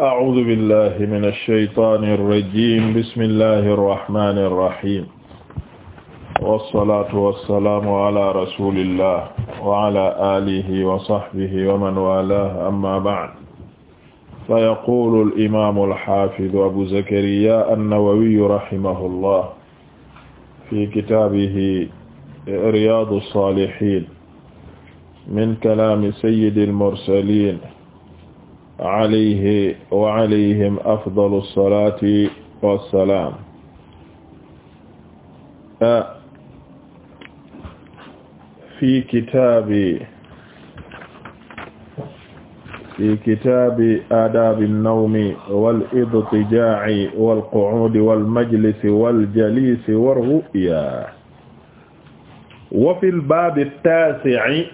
أعوذ بالله من الشيطان الرجيم بسم الله الرحمن الرحيم والصلاة والسلام على رسول الله وعلى آله وصحبه ومن والاه أما بعد فيقول الإمام الحافظ أبو زكريا النووي رحمه الله في كتابه رياض الصالحين من كلام سيد المرسلين alayhi wa alayhim afdalu salaati wa salaam fi kitaabi fi kitaabi aadaabi nnawmi wal idtijaa'i wal qu'uudi wal majlisi wal jaliisi war ru'yaa wa fil baabi taasi'i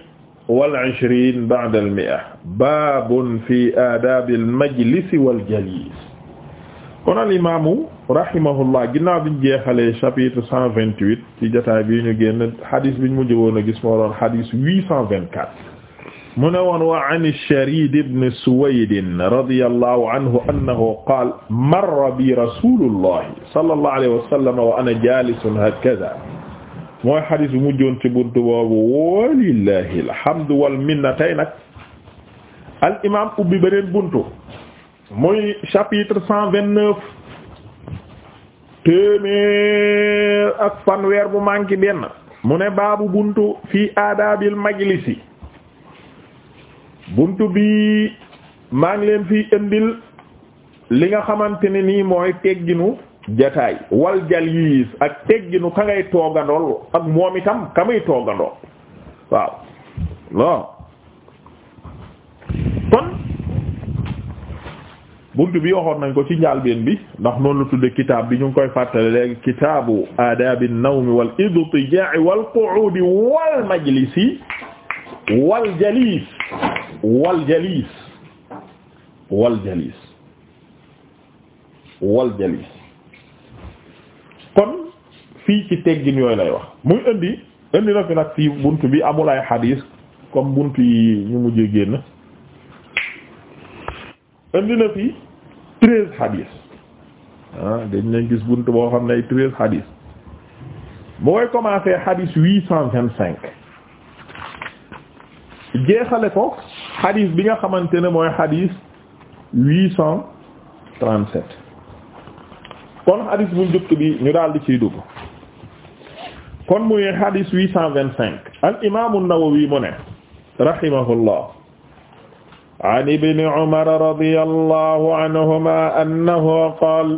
wal ishriin ba'da al mi'a baabun fi aadaabil majlisi wal jaliis kon al imaamu rahimahullah ginnaaw biñ jeexalee chapitre cent vingt huit ci jotaay bii ñu génn xadis biñ mujj woon a gis moo doon xadis huit cent vingt quatre mu ne woon wa an Sharid ibn Suwayd radiyallahu anhu annahu qaala marra bi rasuulullahi sallallahu alayhi wa sallam wa ana jaalisun hakaza mooy xadis bu mujjoon ci buntu boobu walillahi alhamdu wal minna tey nag al imam ubbi beneen buntu muy chapitre cent vingt neuf téeméer ak fanweer bu manqué benn mu ne baabu buntu fii aadaabil majlisi buntu bi maa ngi leen fi indil li nga xamante ne nii mooy tegginu jataay wal jalis ak tegginu ka ngay toogandool ak moom itam ka muy toogandool waaw waaw buntu bi waxoon nañ ko ci njaalbeen bi ndax noonu la tudde kitaab bi ñu ngi koy fàttale léegi kitaabu aadaabi nawmi wal idtijaa'i wal qu'uudi wal majlisi wal jaliis wal jaliis wal jaliis wal jaliis kon fii ci teggin yooyu lay wax muy indi indi na fi nag fii buntu bi amul ay xadiis comme buntu yi ñu mujjee génn indi na fi treize hadis ah dañ leen gis bunt boo xam ne treize hadis mu koy commencé hadis huit cent vingt cinq jeexale ko hadis bi nga xamante ne mooy hadis huit cent trente sept kon hadis bu njëkk bi ñu daal di ciy dugg kon muy hadis huit cent vingt cinq al imaamu Nawawi mu ne rahimahullah an ibni umara radiyallahu anhuma annahu qaala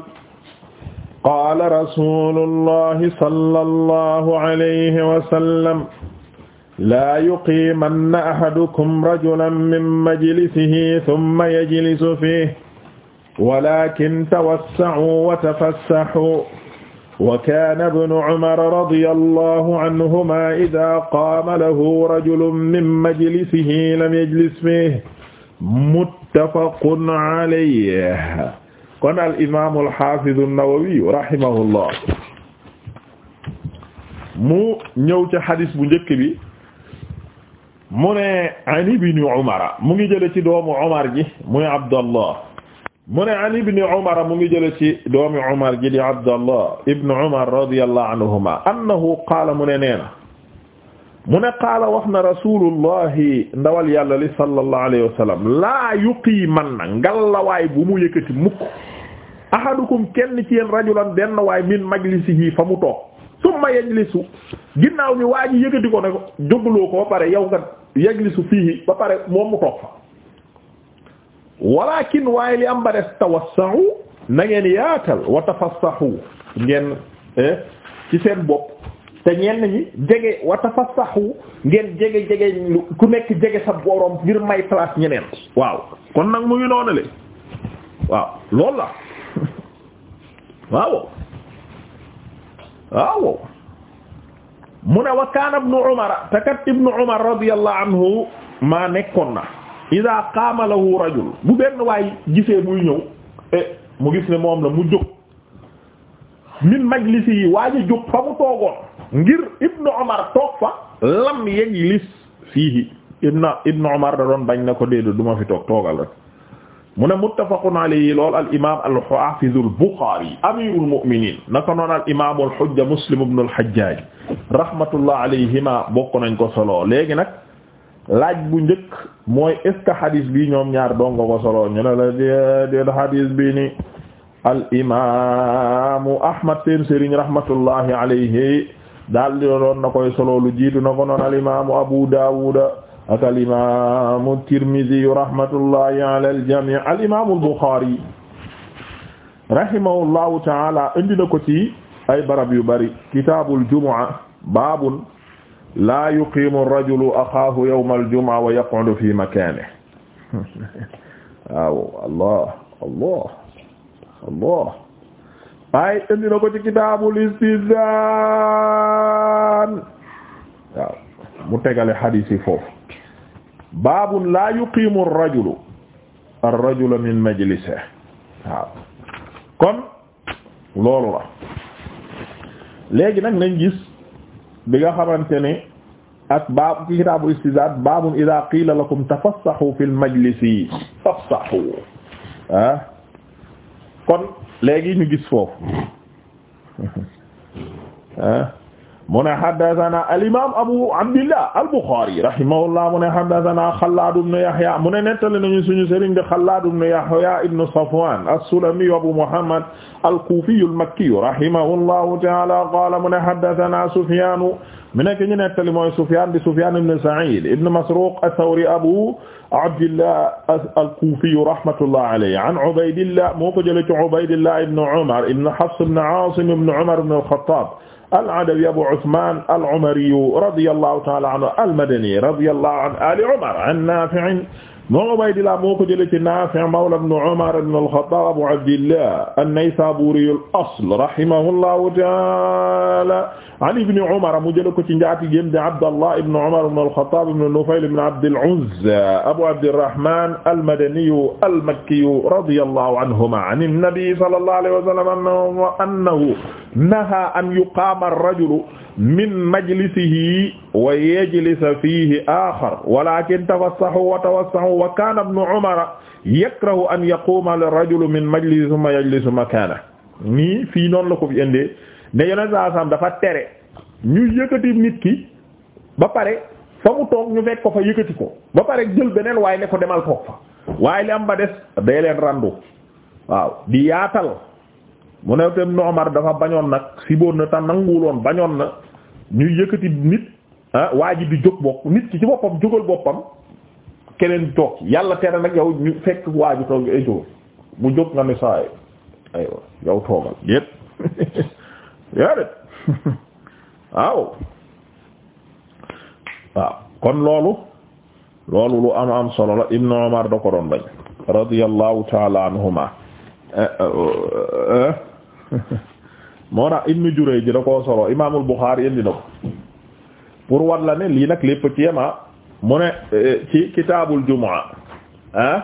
qaala rasuulullahi sallallahu alayhi wa sallam laa yuqiimanna ahadukum rajulan min majlisihi thumma yajlisu fiihi walaakin tawassa'uu wa tafassaxuu wa kaana ibnu umara radiyallahu anhumaa idhaa qaama lahu rajulun min majlisihi lam yajlis fiihi muttafaqun alayhi kon al imaam al haafiz an-Nawawi rahimahullah mu ñëw ci xadis bu njëkk bi mu ne an ibni Umar mu ngi jële ci doomu Umar ji muy Abdallah mu ne an ibni Umar mu ngi jële ci doomu Umar ji di Abdallah ibn Umar radiyallahu anhuma annahu qaala mu ne nee na mu ne qaala wax na rasulullahi ndawal yàlla li sallallahu alayhi wa sallam laa yuqiiman na ngallawaay bu mu yëkkati mukk ahadukum kenn ci yéen rajulan benn waay min majlisihi fa mu toog summa yajlisu ginnaaw bi waa ji yëkkati ko ne ko jógaloo ko ba pare yow nga yajlisu fiihi ba pare moom mu toog fa walakin waaye li am ba des tawassahu na ngeen yaatal wa tafassahu ngeen eh, ci seen bopp te ñenn ñi jege wa tafassahu ngeen jege jege ku nekk jege sa borom ngir may place ñeneen waaw kon nag mu ngi noonale waaw loolu la waaw waaw mu ne wa kaana ibnu umar te kat ibnu umar radiyallahu anhu maa nekkoon na idaa qaama lahu rajul bu benn waay gisee muy ñëw eh, mu gis ne moom la mu jóg min majlisi yi waa ji jóg fa mu toogoon ngir ibnu Omar toog fa lam yajlis fiihi ibnu ibnu Omar bañ na ko déedéet du ma fi toog toogal rek mu ne muttafaqun alayhi lool al imaam al haafiz al Buxaari amiirul mu'miniin naka al imaam al hujja Muslim ibnu al Hajjaaj rahmatullah alayhima bokk nañ ko solo léegi nag laaj bu njëkk mooy est ce bi ñoom ñaar doon nga ko solo ñu ne la déedéet hadis bi ni al imaamu Ahmad seen sëriñ rahmatullahi alayhi. daal di doon na koy solo lu jiitu na ko noon al imaamu Abu Dawud ak al imaamu Tirmidhi rahmatullahi ala al jami' al imaamu Bukhari rahimahullahu ta'ala indi na ko ci ay barab yu bari kitaabul jumu'a baabun laa yuqiimu ar-rajulu axaahu yawmal jumu'a wa yaq'udu fi makaanihi waaw Allah Allah Allah waaye indi na ko ci kitaabul istizaan waaw mu tegale xadiis yi foofu baabun laa yuqiimu ar-rajulu ar min majlisihi waaw kon loolu la léegi nag nañ gis bi nga xamante ne ak baab ci kitaabu istizaan baabun idaa qiila lakum tafassahu fil majlisi fafsahu ah kon léegi ñu gis foofu ah mu ne haddathana al-imam Abu Abdillah al-Bukhari rahimahullah mu ne haddathana Khallad ibn Yahya mu ne nettali nañu suñu sëriñ de Khallad ibn Yahya ibn Safwan as-Sulami Abu Muhammad al-Kufi al-Makki rahimahullahu ta'ala qala mu ne haddathana Sufyan mu nekk ñu nettali mooy Sufyan di Sufyan ibn Sa'id ibn Masruq ath-Thawri Abu Abdillah al-Kufi rahmatullah alayhi an Ubaydillah moo ko jëlee ci Ubaydillah ibn Umar ibn Hafs ibn Asim ibn Umar ibn al-Khattab al-Adawi Abu Usman al-Umari radiyallahu ta'ala anhu al-Madani radiyallahu an ali Umar an Nafi' moo Ubaydillah moo ko jëlee ci Nafi' mawla ibn Umar ibn al-Khattab Abu Abdillah an-Naysaburi al-asl rahimahullahu ta'ala an ibni umara mu jële ko ci njaatigéem di abdallah ibne umar ibne alxatab ibne nufayl ibne abdil uzza abou abdirrahman almadaniyu almakkiyu radiyallahu anhuma an annabi sallallahu alayhi wa sallam annahu naha an yuqaama arrajulu min majlisihi wa yajlisa fiihi aaxar walaakin tafassahu wa tawassahu wa kaana ibnu umara yakrahu an yaquuma arrajulu min majlisihi summa yajlisu makaanahu nii fii noonu la ko fi indee ne yonent saa saam dafa tere ñu yëkkati nit ki ba pare fa mu toog ñu fekk ko fa yëkkati ko ba pare jël beneen waaye ne ko demal toog fa waaye li am ba des day leen randu waaw di yaatal mu ne tam noomar dafa bañoon nag siboon na te nanguwuloon bañoon na ñu yëkkati nit ah waa ji di jóg bopp nit ki ci boppam jógal boppam keneen toog yàlla tere nag yow ñu fekk waa ji toog ay jóg mu jóg nga ne saa aywa yow toogal yépp yaa dét kon loolu loolu lu am am solo la ibnu Umar da ko doon bañ radiyallahu taala anhuma eh, eh, eh, moo tax ibnu Jurayj ji solo imaamul Buxaari indi na ko pour ne lii nag lépp ci yema ah. mu ne ci kitaabul jumaa ah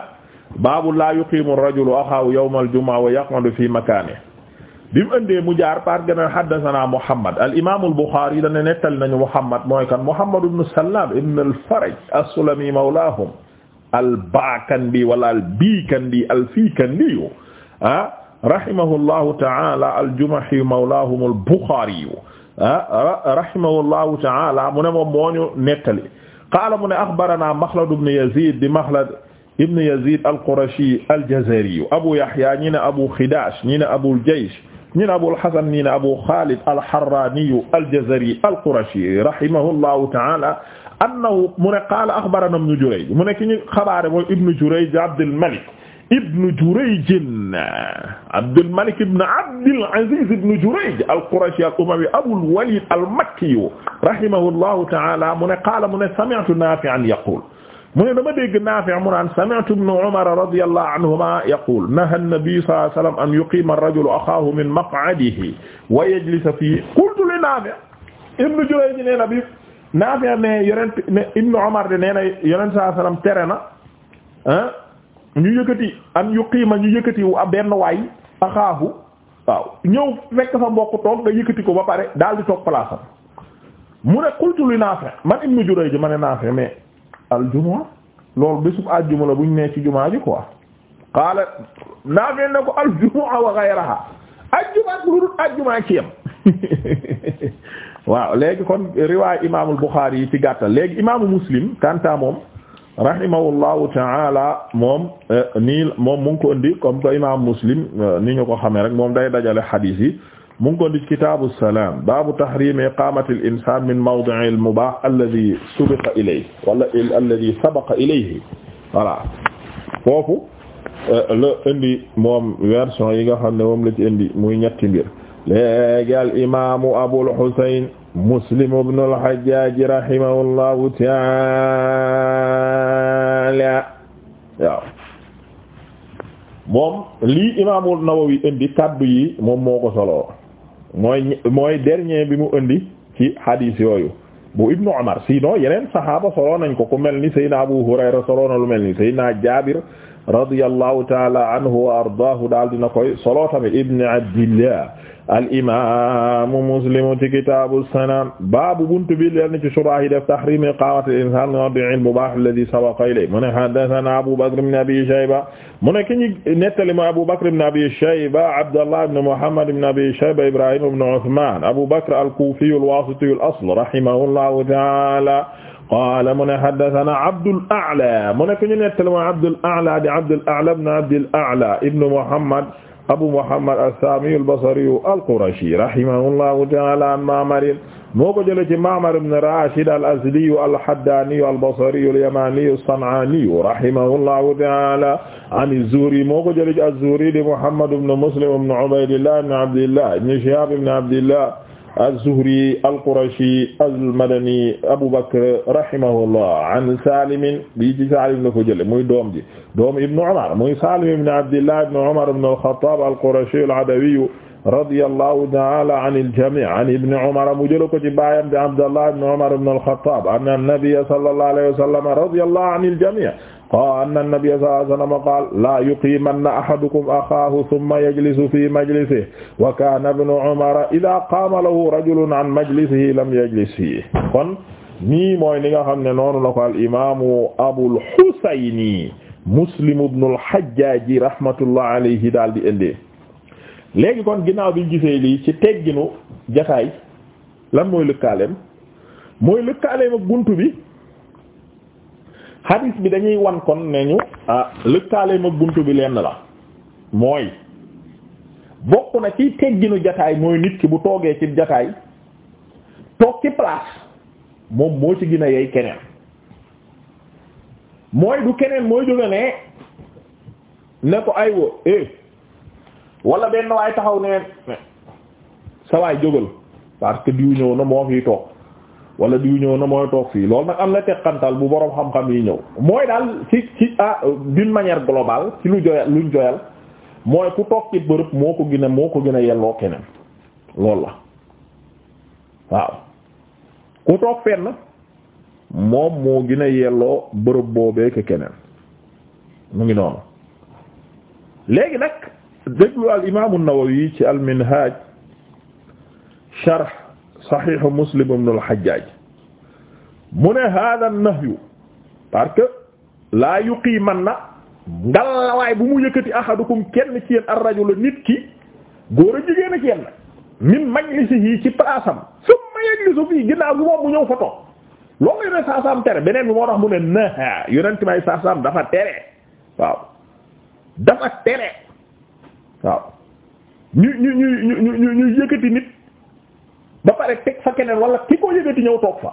baabu laa yuqiimu rajulu axaahu yawmal jumaa wa yaq'udu fi makaanihi bi mu ëndee mu jaar par gana haddathana Muhammad al imaam al Bukhari dana nettali nañu Muhammad mooy kan Muhammad ibn Sallaam ibn al Faraj as-Sulami mawlaahum al Baakandi wala al Biikandi al Fiikandi ah rahimahullahu ta'ala al Jumahi mawlaahum al Bukhari ah rahimahullahu ta'ala mu ne moom moo ñu nettali qaala mu ne akhbaranaa Makhlad ibn Yazid di Makhlad ibn Yazid al Qurashi al Jazari Abu Yahya ñi ne Abu Khidash ñi ne Abul Jaysh ñi ne Abul Hasan ñi ne Abu Khalid al-Harrani al-Jazari al-Qurashi rahimahullahu ta'ala annahu mu ne qaala axbarana ibnu Jurayj mu ne ki ñu xabaare mooy ibnu Jurayj Abdul Malik ibnu Jurayj Abdul Malik ibnu Abdul Aziz ibnu Jurayj al-Qurashi al-Umawi Abul Walid al-Makki rahimahullahu ta'ala mu ne qaala mu ne sami'tu Naafi'an yaqul mu ne dama dégg Naafi' mu naan sami'tu ibn Umar radiyallahu anhuma yaqul naha an-nabi sallallahu alayhi wa sallam an yuqima ar-rajulu axaahu min maq'adihi wa yajlisa fihi qultu li Naafi' ibn Jurayj nee na bi Naafi' ne yonent ne ibn Umar de nee na yonent sallallahu alayhi wa sallam tere na ah ñu yëkkati an yuqiima ñu yëkkati benn waay axaahu waaw ñëw fekk sa mbokk toog nga yëkkati ko ba pare daal di toog place am mu ne qultu li Naafi' man ibn Jurayj ma ne Naafi' mais aljumaa loolu bésub àjjuma la buñ nee ci jumaa ji quoi qaala Naafi' ne ko aljumaa wa ghayraha àjjuma ak lu dul àjjuma ci yam waaw léegi kon riwaay imaamul Buxaari yi ci gàttal léegi imaamu Muslim kanta moom rahimahullahu taala moom eh, nii moom mu ko indi kom que imaamu Muslim eh, ni ñu ko xamee rek moom day dajale xadiis yi mu ngi ko di kitaabu salaam baabu tahriimi iqaamati al-insaan min mawdi'i al-mubaah alladhi subiqa ilayhi wala alladhi sabaqa ilayhi voilà foofu euh, la indi moom version yi nga xam ne moom la ci indi muy ñetti mbir léegi al-imaamu Abul Husayn Muslim ibn al-Hajjaaj rahimahullahu ta'aala waaw moom lii imaamul Nawawi indi kaddu yi moom moo ko solo mooy mooy dernier bi mu indi ci hadith yooyu bu ibnu Umar sinon yeneen sahaaba soloo nañ ko ku mel ni Seydina Abu Hurayra soloo na lu mel ni Seydina Jaabir radiyallahu taala anhu wa ardaahu daal dina koy solo tamit ibni Abdillah al imaamu muslimu ci kitaabu salaam baabu buntu bi leen ci surah yi def tahrim iqaamati al insaan wad'i al mubaah alladhi sabaqa ilayhi mu ne haddathana Abu Bakr ibn Abi Shayba mu ne ki ñu nettali ma Abu Bakr ibn Abi Shayba Abdullah ibn Muhammad ibn Abi Shayba Ibrahim ibn Uthman Abu Bakr al-Kufi al-Wasiti al-asl rahimahullahu ta'ala qaala mu ne haddathana Abdul A'la mu ne ki ñu nettali ma Abdul A'la di Abdul A'la ibn Abdul A'la ibn Muhammad abu muhammad as-saami al-basri al-qurashi rahimahullahu ta'ala an ma'mar moo ko jëlee ci ma'mar ibn rashid al-azdi al-haddaani al-basri al-yamaani as-san'aani rahimahullahu ta'ala an az-zuhri moo ko jëlee ci az-zuhri di muhammad ibn muslim ibn ubaydillah ibn abdillah ibn shihab ibn abdillah az-Zuhri al-Qurashi al-Madani Abu Bakr rahimahullah an Salim bii ci Salim la ko jëlee muy doom ji doomu Ibn Umar muy Salim ibn Abdillah ibn Umar ibn al-Khattab al-Qurashi al-Adawi radiyallahu ta'ala an al-jami' an Ibn Umar mu jëlee ko ci baayam di Abdallah ibn Umar ibn al-Khattab anna an-nabiy sallallahu alayhi wa sallam radiyallahu an al-jami' qaala anna nabiyya sallallahu alayhi wa sallam qaala laa yuqiimanna ahadukum axaahu summa yajlisu fii majlisihi wa kaana ibnu umara idaa qaama lahu rajulun an majlisihi lam yajlis fiihi kon nii mooy li nga xam ne noonu la ko al imaamu Abul Husayni Muslim ibnul Hajjaaj rahmatullahi alayhi daal di indee léegi kon ginnaaw biñ gisee lii ci tegginu jataay lan mooy lëkkaaleem mooy lëkkaaleem ak buntu bi. hadis bi dañuy wan kon ne ñu ah lëkkaaleem ak buntu bi lenn la mooy bokk na ci tegginu jataay mooy nit ki bu toogee ci jataay toog ci place moom moo ci gën a yey keneen mooy du keneen mooy jóge ne ne ko ay wo eh wala benn waay taxaw ne sa waay jógal parce que diw ñëw na moo fi toog wala diw ñëw na mooy toog fii loolu nag am na teqantal bu boroom xam-xam yi ñëw mooy daal ci ci ah d'une manière globale ci lu joyal luñ joyal mooy ku toog ci bërëb moo ko gën a moo ko gën a yelloo keneen loolu la waaw ku toog fenn moom moo gën a yelloo bërëb boobee ko keneen mu ngi noonu léegi nag déglu al imaamu Nawawi ci al minhaj sharh saxiixu muslim ibn al-Hajjaj mu ne hada nahyu parce que laa yuqiimanna ngalawaay bu mu yëkkati ahadukum kenn ci yéen ar-rajula nit ki góor a jigéen a ci yéen min majlisihi ci palaasam summa yajlisu fii ginnaaw gi moom mu ñëw foto loolu yoneen saasaam tere beneen bi moo tax mu ne naha yonent may saasaam dafa tere waaw dafa tere waaw ñu ñu ñu ñu ñu ñu yëkkati nit ba pare teg fa keneen wala ki ko yëgati ñëw toog fa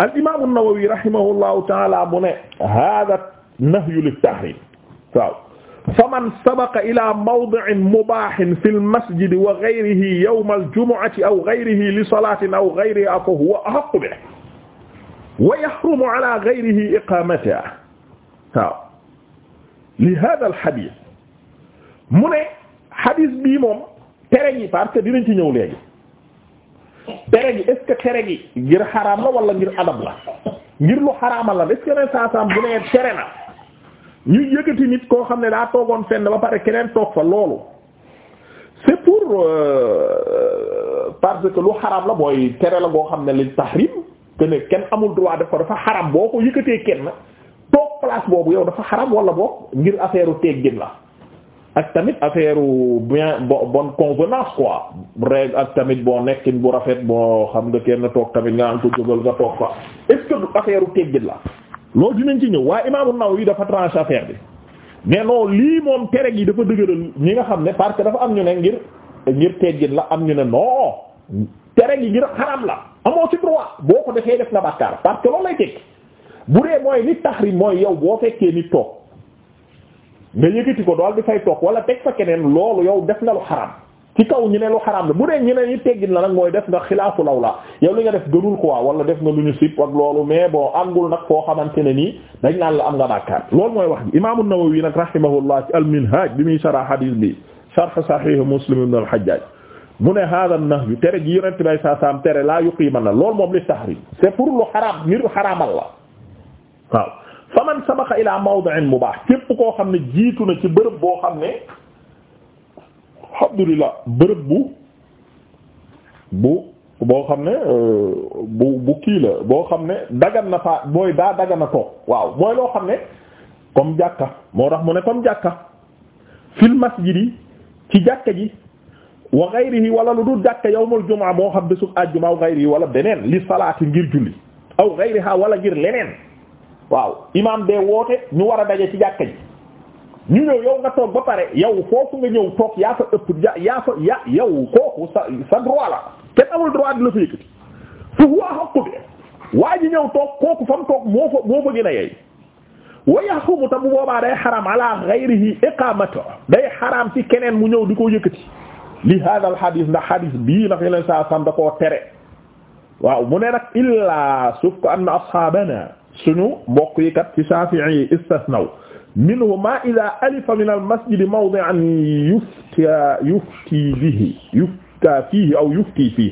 al imaamu Nawawi rahimahullahu taala mu ne hada nahyu lit tahrim waaw fa man sabaqa ila mawdi'in mubahin fi lmasjidi wa gayrihi yawma aljumuati aw gayrihi li salatin aw gayriha fa huwa ahaqqu bihi wa yahrumu ala gayrihi iqamatuhu waaw li hada alhadith mu ne hadith bii moom tere yi parce que dinañ ci ñëw léegi tere gi est-ce tere gi ngir xaraam la wala ngir adab la ngir lu xaraamal la est-ce que ren saa bu nee tere na ñu yëkkati nit koo xam ne daa toogoon fenn ba pare keneen toog fa loolu c'est pour euh, parce que lu xaraam la booy tere la goo xam ne li tahrim te kenn amul droit def ko dafa xaraam boo ko yëkkatee kenn toog place boobu yow dafa xaram wala boog ngir affaire u teggin la. ak tamit affaire bien bonne convenance quoi règle ak tamit boo nekkin bu rafet boo xam nga kenn toog tamit nga am ko jógal nga toog fa est du affaire teggin la lool dinañ ci ñëw waaye Imaamu Nawawi dafa tranché affaire bi mais non lii moom tere gi dafa dëgëral ñi nga xam ne parce que dafa am ñu ne ngir ngir teggin la am ñu ne non tere gi ngir xaram la amoo ci droit boo ko defee def na bàkkaar parce que loolu lay tekki bu dee mooy nit taxrim mooy yow boo fekkee nit toog. nga yëkkati ko dool di fay toog wala teg fa keneen loolu yow def nga lu xaram ci kaw ñu ne lu xaram la bu dee ñu ne ñu teggin la nag mooy def nga xilaafu law la yow li nga def gënul quoi wala def nga lu ñu sip ak loolu mais boo angul nag foo xamante ne nii dañ naan la am nga bàkkaar loolu mooy wax bi imam an-Nawawi nag rahimahullah ci al-Minhaj bi muy sarah hadith bi sharh sahih Muslim ibn al-Hajjaj mu ne hada an-nahyu tere ji yonente bay saa saam tere laa yuqiiman moom li tahrim c'est pour lu xaram ngir xaraamal la waaw faman sabaxa ila mawdi'in mubah képp koo xam ne jiitu na ci bërëb boo xam ne alhamdulillah bërëb bu bu boo xam ne euh, bu kii la boo xam ne dagan na faa mooy daa dagan na toog waaw mooy loo xam ne comme jàkka moo tax mu ne comme jàkka fil masjidi ci jàkka ji wa ghayrihi wala lu dul jàkka yawmul jumaa moo xam bésub àjjuma aw ghayrihi wala beneen li salaati ngir julli aw ghayriha wala ngir leneen waaw imaam de woote ñu war a daje ci jàkka ji ñu ñëw yow nga toog ba pare yow foofu nga ñëw toog yaa fa ëpp ja yaa ya yow kooku sa sa droit la droit la fa yëkkati fu waa xaqu bi waa ji ñëw toog kooku fa toog moo fa moo fa a yeey wa yaxumu ta bu boobaa day xaram a ghayrihi iqamatu day xaram ci keneen mu ñëw di ko yëkkati li hada al hadith ndax hadith bii na fi leen saa sam da koo tere waaw mu ne nag illaa suuf ko anna suñu mbokk yi kat ci Shafi'i yi istasnaw minhu ma ida alifa min al masjidi mawdi'an yufta yufti bihi yufta fihi aw yufti fihi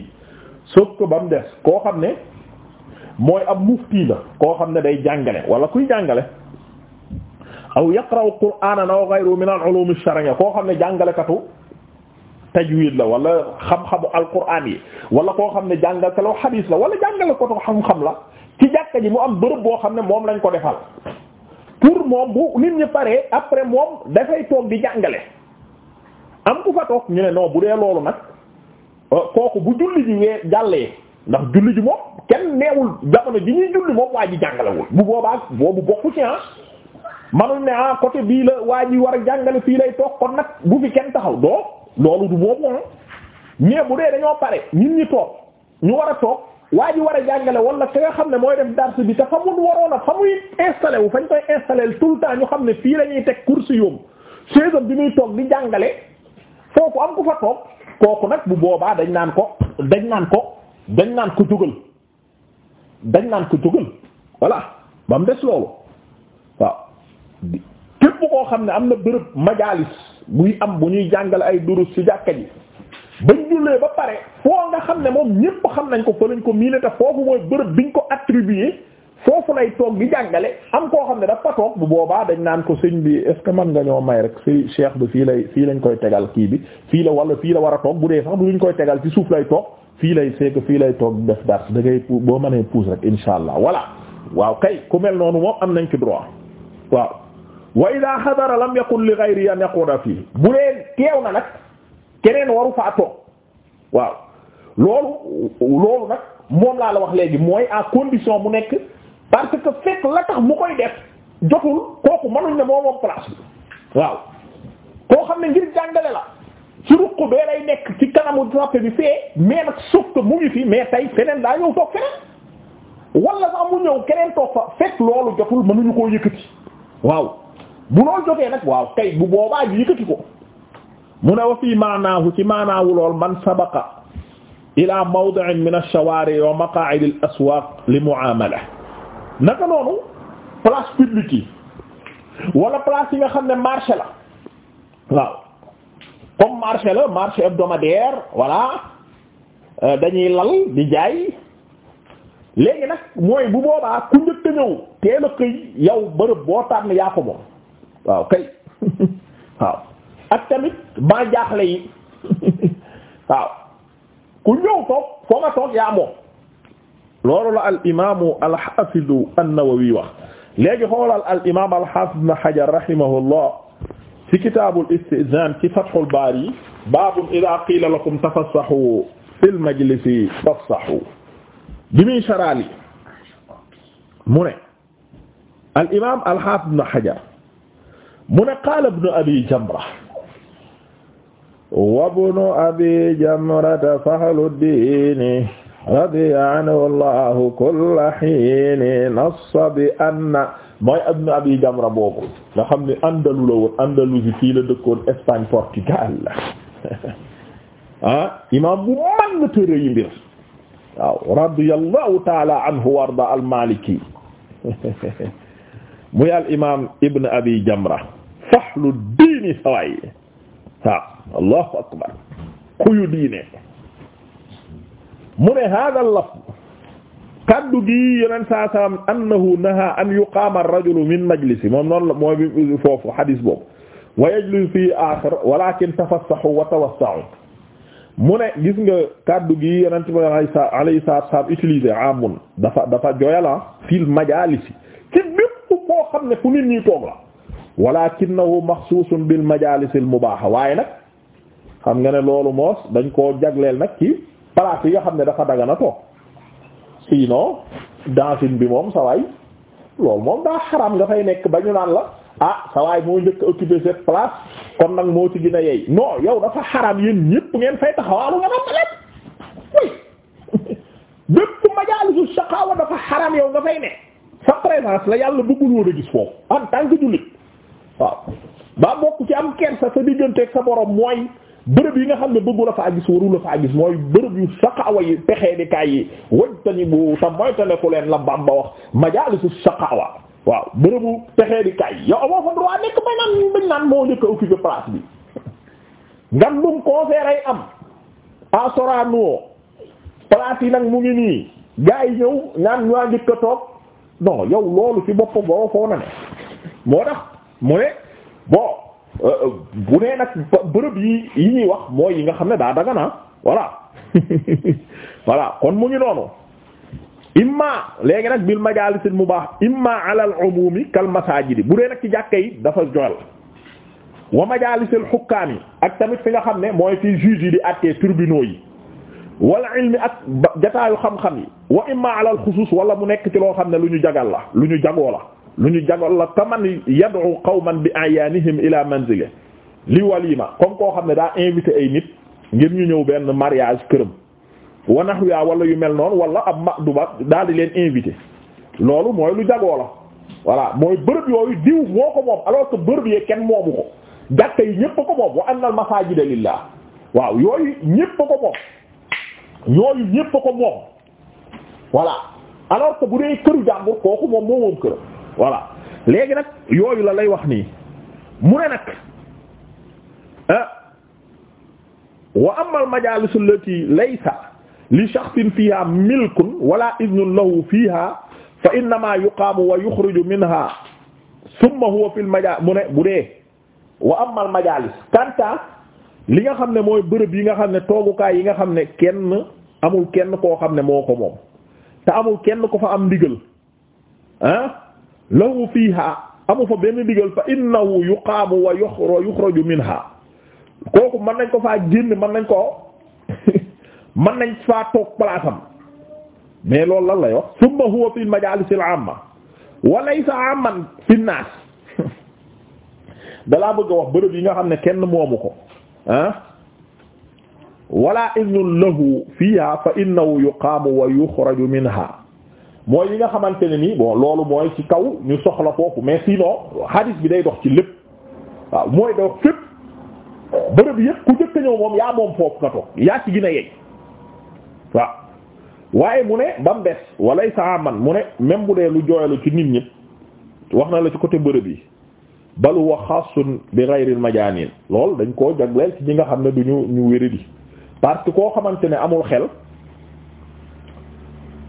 soog ko ba mu des koo xam ne mooy ab mufti la koo xam ne day jàngale wala kuy jàngale aw yaqra'u qur'aanan aw ghayru min al ulum ash-shar'iyya koo xam ne jàngalekatu tajwid la wala xam-xamu alquraan yi wala koo xam ne jàngalekatu xadiis la wala jàngalekatu xam-xam la ci jàkka ji mu am bërëb boo xam ne moom lañ ko defal pour moom bu nit ñi paree après moom dafay toog di jàngale am ku fa toog ñu ne non bu dee loolu nag euh, kooku bu julli ji wee jàllee ndax julli ji moom kenn neewul jamono ji ñuy julli moom waa ji jàngalewul bu boobaa boobu bokku ci ah manuñ ne ah côté bii la waa ji war a jàngale fii lay toog kon nag bu fi kenn taxaw doo loolu du boobu ah mais bu dee dañoo pare nit ñi toog ñu war a toog waa ji war a jàngale woon wala ka nga xam ne mooy def dars bi te fa mun waroon a fa muy installé wu fañ koy installé tout le temps ñu xam ne fii la ñuy teg course yom saison bi muy toog di jàngale foofu am ku fa toog kooku nag bu boobaa dañ naan ko dañ naan ko dañ naan ko jógal dañ naan ko jógal voilà ba mu des loolu waaw képp koo xam ne am na bërëb majalis buy am bu ñuy jàngale ay durus ci jàkka ji bañ jullee ba pare foo nga xam ne moom ñépp xam nañ ko fa lañ ko miine te foofu mooy bërëb bi biñ ko attribué foofu lay toog di jàngale am koo xam ne dafa toog bu boobaa dañ naan ko sëñ bi est man nga ñoo may rek si cheikh bi fii lay fii lañ koy tegal kii bi fii la wala fii la war a toog bu dee sax bu ñu koy tegal ci suuf lay toog fii lay seeg fii lay toog def dars da ngay boo mënee puus rek insha allah voilà waaw kay ku mel noonu moom am nañ ci droit waaw wa ida xadara lam yaqul li bu dee teew na nag keneen waru faa toog waaw loolu loolu nag moom laa la wax léegi mooy à condition mu nekk parce que fekk la tax mu koy def jotul kooku mënuñ ne moo moom place bi waaw koo xam ne ngir jàngale la ci ruq bee lay nekk ci kanamu sappe fee mais nag suuf mu ngi fi mais tey feneen daa ñëw toog feneen wala sax mu ñëw keneen toog fa fekk loolu jotul mënuñu koo yëkkati waaw bu loolu jotee nag waaw kay bu boobaa ñu yëkkati ko mu ne wa maanaahu ci lool man sabaqa ila mawdi'in min ash-shawari wa maqa'id al-aswaq li mu'amala naka noonu place publique wala place nga xam ne marché la waaw marché la marché hebdomadaire voilà euh, dañuy lal di jay léegi nag mooy bu boobaa ku njëkk a ñëw teel a xëy yow bërëb boo tànn yaa ak tamit ba jaaxle yi waaw ku ñëw toog foo nga toog yaa moom loolu la al imaamu al xaafidu an-Nawawi wax léegi xoolal al imaam al xaafid ibn Hajar rahimahullah fi kitaabul istizaan ci Fathul Baari baabun idaa qiila lakum tafassahu fil majlisi fafsahu bi muy saraali mu ne al imaam al xaafid ibn Hajar mu ne qaala ibn Abi Jamra wabnu abi jamrata fahluddiini radiya anhu allahu kulla hiini nassa bi anna mooy ibnu abi jamra boobu nga xam ne andalu la woon andalusi fii la dëkkoon Espagne Portugal ah imaam bu mag na tërë yi mbir waaw radiyallahu taala anhu wa arda al-Maliki muy al imaam ibnu abi jamra fahluddiini saway waaw allahu akbar kuyu diine mu ne hada lafz kaddu gi yeneen saa salaam annahu naha an yuqaama ar-rajulu min majlisi moom noonu la mooy bi foofu xadis boobu wa yajlisu fi axir walakin tafassahu wa tawassa'u mu ne gis nga kaddu gi yeneen ci ma alayhi salaatu salaam utilisé amun dafa dafa jooyala ah, fil majalisi ci bépp koo xam ne fu nit ñi toog la walakinahu maxsuusun bil majaalisil a waaye nag xam nga ne loolu moos dañ koo jagleel nag ci place yi nga xam ne dafa dagana toog sinon dancing bi moom sawaay loolu moom daa xaraam nga fay nekk ba ñu naan la ah sawaay moo njëkk occuper cette place kon nag moo ci gën a yey non yow dafa xaraam yéen ñépp ngeen fay taxawaalu nga naan malet oui bépp majaalisu shaqaawa dafa xaraam yow nga fay ne sa présence la yàlla bëggul woon a gis foofu en waaw baa bokk ci am kenn sa digganteeg sa borom mooy bërëb yi nga xam ne bëggu a faa gis waru la faa gis mooy bërëb yu saqaawa yi pexee di kaay yi wajtani bu ta moytaneku leen la Bamba wax majaalisu saqaawa waaw bërëbu pexee di kaay yow amoo fa droit nekk ba naan bañ naan moo njëkk a occupé place bi ngan dum concert ay am à Sorano yi nag mu ngi nii gaa yi ñëw naan ñaa njëkk a toog non yow loolu ci boppam boo foo na ne moo tax mu ne bon euh, bu nee nag bërëb yi yi ñuy wax mooy yi nga xam ne daa daga naa voilà voilà kon mu ngi noonu imma léegi nag bil majaalisil mubah imma ala al umumi kal masajidi bu dee nag ci jàkka yi dafa joyal wa majaalisil xukkaam yi ak tamit fi nga xam ne mooy fi juge yi di àttee tribunaux yi wala ilmi ak jataayu xam-xam yi wa imma ala xusuus wala mu nekk ci loo xam ne lu ñu jagal la lu ñu jagoo la lu ñu jagal la kaman yad'u qawman bi ayaanihim ila manzile li walima comme koo xam ne daa invité ay nit ngir ñu ñëw benn mariage këram wanax yaa wala yu mel noon wala ab maduba daal di leen invité loolu mooy lu jagoo la voilà mooy bërëb yooyu diw moo ko moom alors que bërëb yee kenn moomu ko jàkka yi ñépp ko moom wa annal masaajida lillah waaw yooyu ñépp ko moom yooyu bu dee këru jàmbur kooku moom moo moom këram voilà léegi nag yooyu la lay wax nii mu ne nag ah wa amma al majalis allati laysa li shakhsin fiha milkun wala idnun lahu fiha fa innama yuqaamu wa yukhriju minha summa huwa fil majalis mu ne bu dee wa amma al majalis li nga xam ne mooy bërëb yi nga xam ne toogukaay yi nga xam ne kenn amul kenn koo xam ne moo ko moom te amul kenn ko fa am ndigal ah, lahu fiiha amu fa benn digal fa innahu yuqaamu wa yuxraju minha kooku mën nañ ko faa génn mën nañ ko mën nañ faa toog mais loolu lan layo wax summa huwa fi majalis al amma wa laysa amman fi naas dalaa bëgg a wax bërëb yi nga xam ne kenn moomu ko ah? wala idnun lahu fiiha fa innahu yuqaamu wa minha mooy li nga xamante ne nii bon loolu mooy ci kaw ñu soxla foofu mais sinon hadis bi day dox ci lépp waaw mooy dox fépp bërëb yëpp ku jëkk ñëw moom yaa moom foofu nga toog yaa ci gën a waaw waaye mu ne ba mu des walay saa man mu ne même bu dee lu jooyalu ci nit ñi wax na la ci côté bërëb yi bal huwa xaasun bi ghayril majaanin loolu dañ koo jagleel ci ñi nga xam ne du ñu ñu wéradi parce que koo xamante ne amul xel.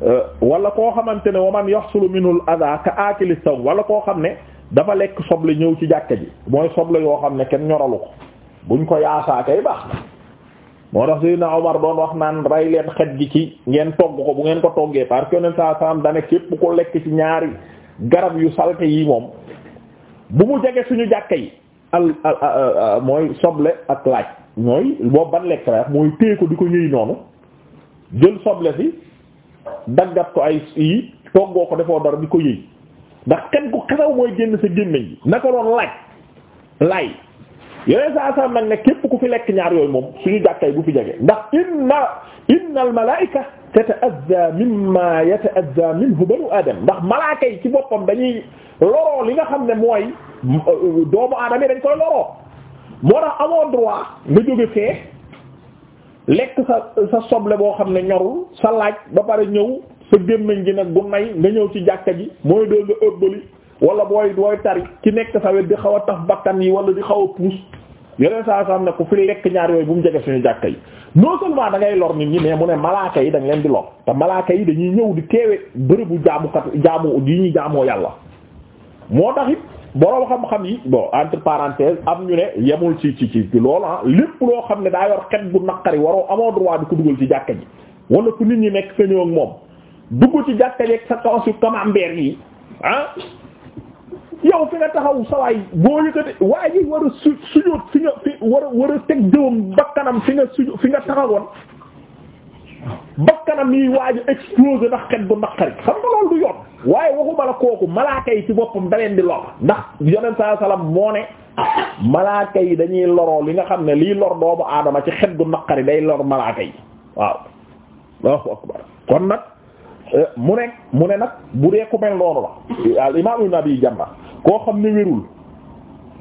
Euh, wala koo xamante ne wa man yaxsulu minul adha ka akili sawm wala koo xam ne dafa lekk soble ñëw ci jàkka ji mooy soble yoo xam ne kenn ñoralu ko buñ ko yaasaa kay baax na moo tax Seydina Omar doon wax naan rey leen xet gi ci ngeen togg ko bu ngeen ko toggee parce que yoneen saa salaam dane képp ko ci ñaari garab yu salte yi moom bu mu jege suñu jàkka yi al soble ak laaj mooy boobu lekk la mooy téye ko di ko yëy noonu jël soble si daggat ko ay yi toggoo ko defoo dara bi ko yëy ndax xet gu xesaw mooy génn sa gémmiñ gi na ko doon laaj laay yeneen saa saa nag ne képp ku fi lekk ñaar yooyu moom suñu jàkkay bu fi jege ndax inna inna al malaa'ika tata'azza mimma yata'azza minhu banu adam ndax malaaka yi ci boppam dañuy loroo li nga xam ne mooy euh, doomu aadama yi dañ koy loroo moo tax amoo droit nga jóge fee lekk sa sa soble boo xam ne ñorul sa laaj ba pare ñëw sa gémmiñ gi nag bu nay nga ñëw ci jàkka ji mooy doo nga ëbbali wala booy booy tari ci nekk sa wet di xaw a taf bakkan yi wala di xaw puus yeneen saa saa ne ku fi lekk ñaar yooyu bu mu jege suñu jàkka yi non seulement da ngay lor nit ñi mais mu ne malaaka yi da nga leen di lor te malaaka yi dañuy ñëw di teewe bu jaamukat jaamu yi ñuy jaamoo yàlla moo tax borom xam-xam yi boo entre parenthèses am ñu ne yemul ci ci ci loolu ah lépp loo xam ne daa yor xet bu naqari waroo amoo droit di ko dugal ci jàkka ji wala fu nit ñi nekk sa ñëw ak moom dugg ci jàkka ji ak sa kawas yu camembert yi ah yow fi nga taxaw sawaay boo yëkkati waa ji war a su sujóot fi nga fi war a war a teg jëwam fi nga su fi nga taxawoon bakkanam yi waaju exploser ndax xet bu naqari xam nga loolu du yoon waaye waxuma la kooku malaaka ci boppam da leen di lor ndax yonent saa salaam moo ne malaaka dañuy loroo li nga xam ne liy lor doomu aadama ci xet gu naqari day lor malaaka yi waaw kon nag eh, mu ne mu ne nag bu dee ku mel noonu la al imaam Ibn Abi Jamra koo xam ne wérul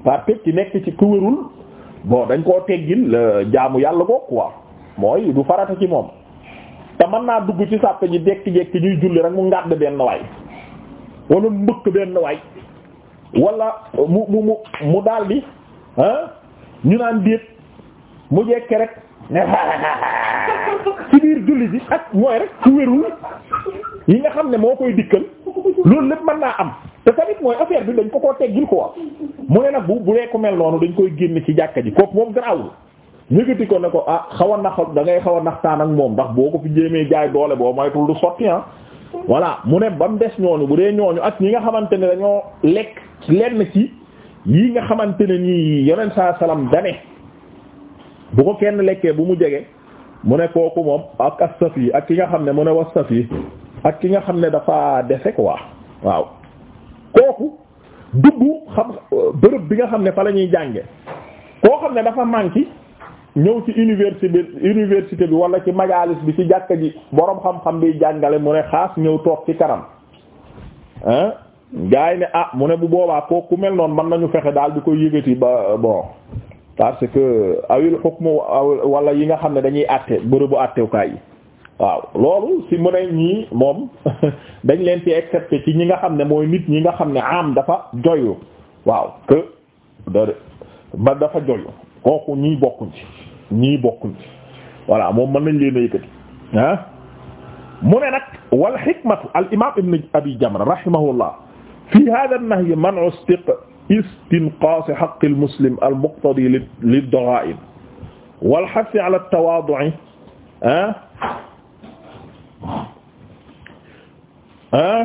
parce ci nekk ci ku wérul bon dañ koo teggil jaamu yàlla boo quoi mooy du farata ci moom te mën naa dugg ci sàpp ji jékki-jékki ñuy julli rek mu ngàdd benn waay wala mbëkk benn waay walla mu mu mu mu daldi ah ñu naan déet mu jekke rek ne ci biir julli bi ak mooy rek ci wérul yi nga xam ne moo koy dikkal loolu lépp mën naa am te tamit mooy affaire bi dañ ko koo teggil ko mu ne nag bu bu dee ku mel noonu dañ koy génne ci jàkka ji kooku moom garaawul yëkkati ko ne ko ah xaw a nax da ngay xaw a naxtaan ak moom ndax boo ko fi jéemee jaay doole boo moytul du sotti ah voilà mu ne ba mu des ñooñu bu dee ñooñu ak ñi nga xamante ne dañoo lekk lenn ci yii nga xamante ne nii yonent saa salaam dane bu ko kenn lekkee bu mu jege mu ne kooku moom ak as yi ak ki nga xam ne mu ne was saf yi ak ki nga xam ne dafa dese quoi waaw kooku dugg xam bërëb bi nga xam ne fa la ñuy jànge koo xam ne dafa manqué ñëw ci université bi université bi wala ci majalis bi ci jàkka ji boroom xam-xam bi jàngale mu ne xaas ñëw toog ci kanam ah gars yi ne ah mu ne bu boobaa koo ku mel noonu mën nañu fexe daal di koy yëgati ba bon parce que awil xukm wala yi nga xam ne dañuy àtte bërëbu àttewukaay yi waaw loolu si mu ne ñii moom dañ leen ci excepté ci ñi nga xam ne mooy nit ñi nga xam ne am dafa joyu waaw que ba dafa joyu kooku ñii bokkuñ ci ñii bokkuñ ci voilà moom mën nañ leen a yëkkati ah mu ne nag wal hikmatu al imam ibn abi jamra rahimahullah fi hadha an-nahy man'u istinqas haqqi al-muslim al-muqtadi lid-daghaa'ib wal hath 'ala at-tawaadu' ah ah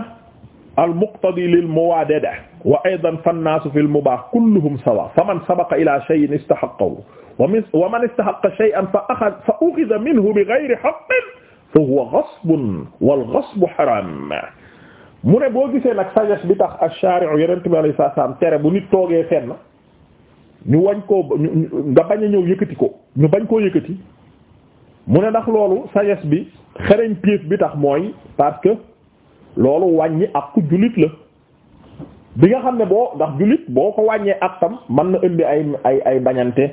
al-muqtadi lil-muwaadada wa aydan fan-naasu fil-mubaah kulluhum sawaa faman sabaqa ilaa shay'in istahaqqahu wa man istahaqqa shay'an fa akhadha fa ukhidha minhu bighayri haqqin fa huwa ghasbun wal-ghasbu haraam mu ne boo gisee nag sagesse bi tax ash-shaari' Yonent bi alayhi salaam tere bu nit toogee fenn ñu wañ koo nga bañ a ñëw yëkkati ko ñu bañ koo yëkkati mu ne ndax loolu sagesse bi xereñ pièce bi tax mooy parce que. loolu wàññi ak ku jullit la bi nga xam ne boo ndax jullit boo ko wàññee ak tam mën na indi ay ay ay bañante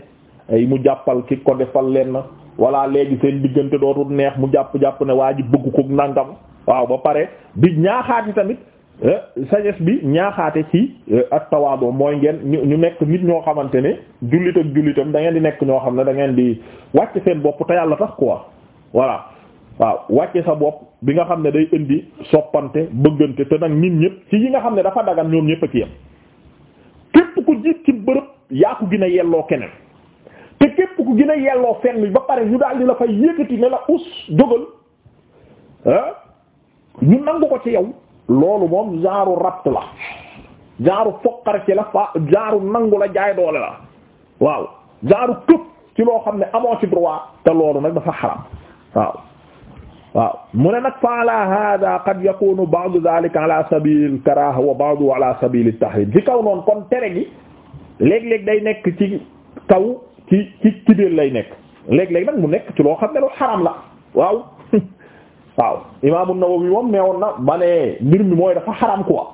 ay mu jàppal ki ko defal leen walla léegi seen diggante dootul neex mu jàpp jàpp ne waa ji bëgg ko nangam waaw ba pare di ñaaxaati tamit eh, sagesse bi ñaaxaate ci eh, ak tawaado mooy ngeen ñu nekk nit ñoo xamante ne jullit ak jullitam da di nekk ñoo xam ne dangeen di wàcc seen bopp te yàlla tax quoi voilà. waaw wàcce sa bopp bi nga xam ne day indi soppante bëggante te nag nit ñëpp ci yi nga xam ne dafa dagan ñoom ñëpp a ci yem képp ku jiit ci bërëb yaa ko gën a yelloo keneen te képp ku gën a yelloo fenn ba pare ñu daal di la fay yëkkati ne la us jógal ah ñu nangu ko ci yow loolu moom genre rapt la genre foqar ci la fa genre nangu la jaay doole la waaw genre këpp ci loo xam ne amoo ci droit te loolu nag dafa xaram waaw waaw mu ne nag fa ala hada qad yakunu ba'du dhalika ala sabil karaha wa ba'du ala sabil tahrim ci kaw noonu tere gi léeg-léeg day nekk ci kaw ci lay nekk léeg-léeg nag mu nekk ci loo xam ne xaram la waaw waaw imaam an-Nawawi moom neewoon na ba mbir mi mooy dafa xaram quoi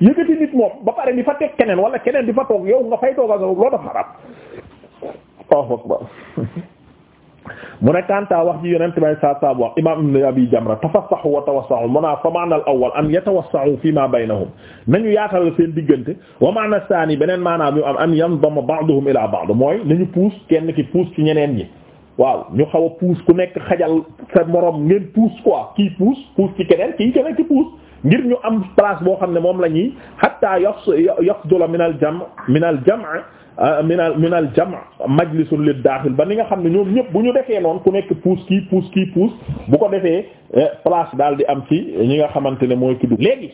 yëkkati nit moom ba pare di fa teg keneen wala keneen di fa toog yow nga fay a loolu dafa mu ne Kantaa wax ji yonent bay saa saabu ma imaam ibn abi jamra tafassahu wa tawassahu mu naa fa maana al awwal an yatawassahu fi ma baynahum nañu yaatalal seen diggante wa maana saani beneen maanaam yu am an yanzama ba'duhum ila ba'd mooy nañu puus kenn ki puus ci ñeneen ñi waaw ñu xaw a puus ku nekk xajal sa moroom ngeen puus quoi kii puus puus ci puus ngir ñu am place boo xam ne moom la ñuy hatta yafdula min al jam' min al jam' Ah, minal minal jam majlisun lid daaxil ba ni nga xam ne ñoom ñëpp bu ñu defee noonu ku nekk puus kii puus kii bu ko defee eh, place daal di am ci ñi nga xamante ne mooy ki du léegi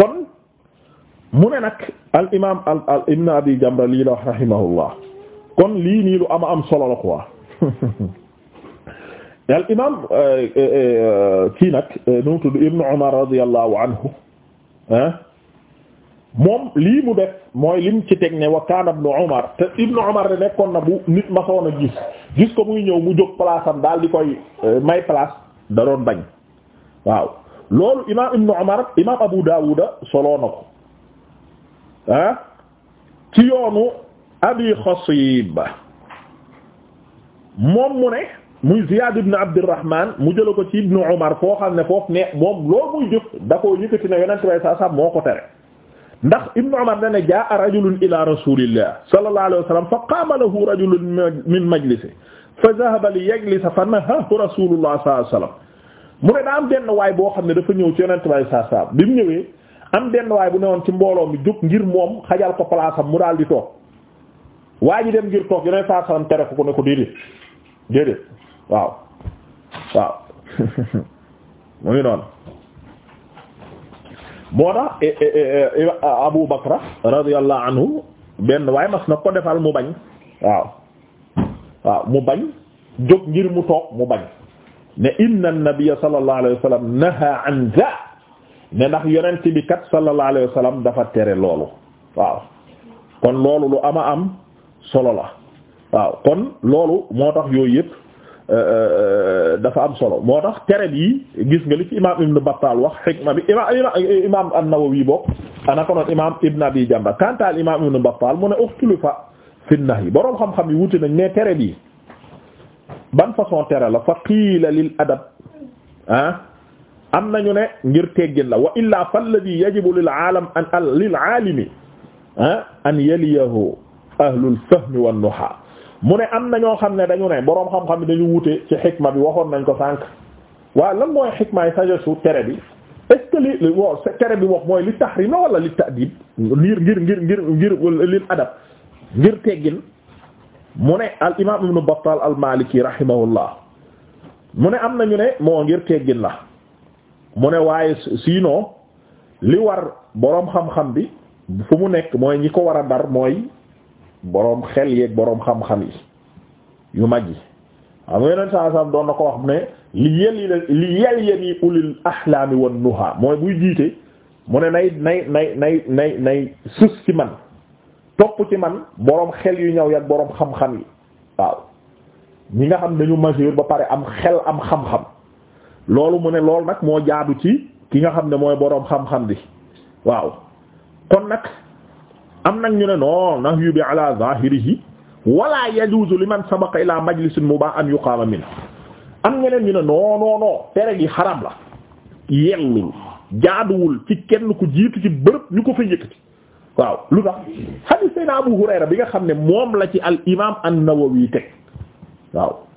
kon mu ne nag al imaam al al lii la wax rahimahullah kon lii nii lu ama am solo la quoi al imaam eh, eh, kii nag nu tudd ibn umar radiyallahu anhu ah moom lii mu def mooy lim ci teg ne wa kaana ibnu Umar te ibnu Umar de nekkoon na bu nit ma soon a gis gis ko muy ñëw mu jóg place daal di koy euh, may place da doon bañ waaw loolu imaam ibnu Umar imaam Abu Daawuda soloo ko ah? ci yoonu Abi Xasiib moom mu ne muy Ziyaad ibn Abdurrahman mu jëla ko ci ibnu Umar foo xam ne foofu ne moom loolu muy jëf da koo yëkkati ne yonent way saa sax moo ko tere ndax ibnu na dana jaa rajulun ila rasulillah sallallahu alayhi wa sallam fa qaama lahu rajulun min majlisi fa dhahaba li sa fa nahahu rasulullah sallallahu alayhi wa sallam mu ne daa am benn waay boo xam ne dafa ñëw ci yonent bay sa saa bi mu ñëwee am benn waay bu newoon ci mbooloo mi jóg ngir moom xajal ko palaasam mu daal di toog waa ji dem ngir toog yonent saa sallam tere ko ne ko déedéet déedéet waaw waaw mu ngi noonu moo tax eh, eh, eh, Abu Bakra radiyallahu benn waaye mas na ko defal mu bañ waaw mu bañ jóg ngir mu toog mu bañ ne inna an-nabiyya sallallahu alayhi wa sallam naha an za ne ndax yonent bi kat sallallahu alayhi wa sallam dafa tere loolu waaw kon loolu lu ama am solo la waaw kon loolu moo tax yooyu yëpp Euh, euh, dafa am solo moo tax tere bi gis nga li ci imaam Ibn Battal wax xikma bi imaam imaam an-Nawawi bokk ana ko noon imaam Ibn Abi Jamra kantaal imaam Ibn Battal mu ne uxtulifa fi nahy boroom xam-xam yi wuti nañ ne tere bi ban façon tere la fa qiila lil adab am nañu ne ngir teggin la wa illaa falladhi yajibu lil aalam an lil aalimi an yaliyahu ahlul fahmi wan nuha mu ne am na ñoo xam ne dañu ne boroom xam-xam bi dañu wute ci xikma bi waxoon nañ ko sànq waaw lan mooy xikmaay sagesse su tere bi est-ce que li wo tere bi wax mooy li tahrim wala li ta'dib ngir ngir ngir ngir ngir lil adab ngir teggin mu ne al imam ibn Battal al maliki rahimahullah mu ne am na ñu ne moo ngir teggin la mu ne waaye sinon li war boroom xam-xam bi fu mu nekk mooy ñi ko war a dar mooy boroom xel yeeg boroom xam-xam yi yu mag yi xam nga yeneen saa saam doon na ko wax ne li yel yi li yel yel yi ulil ahlaami woon nuha mooy buy jiite mu ne nay nay nay nay nay nay sus ci man topp ci man boroom xel yu ñaw yeeg boroom xam-xam yi waaw ñi nga xam dañu majeur ba pare am xel am xam-xam loolu mu ne loolu nag moo jaadu ci ki nga xam ne mooy boroom xam-xam bi waaw kon nag am nag ñu ne non nahyu bi ala zahirihi wala yajuzu li man sabaqa ila majlisin mubah an yuqama min am ñeneen ñu ne non non non tere gi xaram la yellul jaaduwul ci kenn ku jiitu ci bërëb ñu ko fa yëkkati waaw lu tax hadith sayna Abu Hurayra bi nga xam ne moom la ci al imam an-Nawawi teg waaw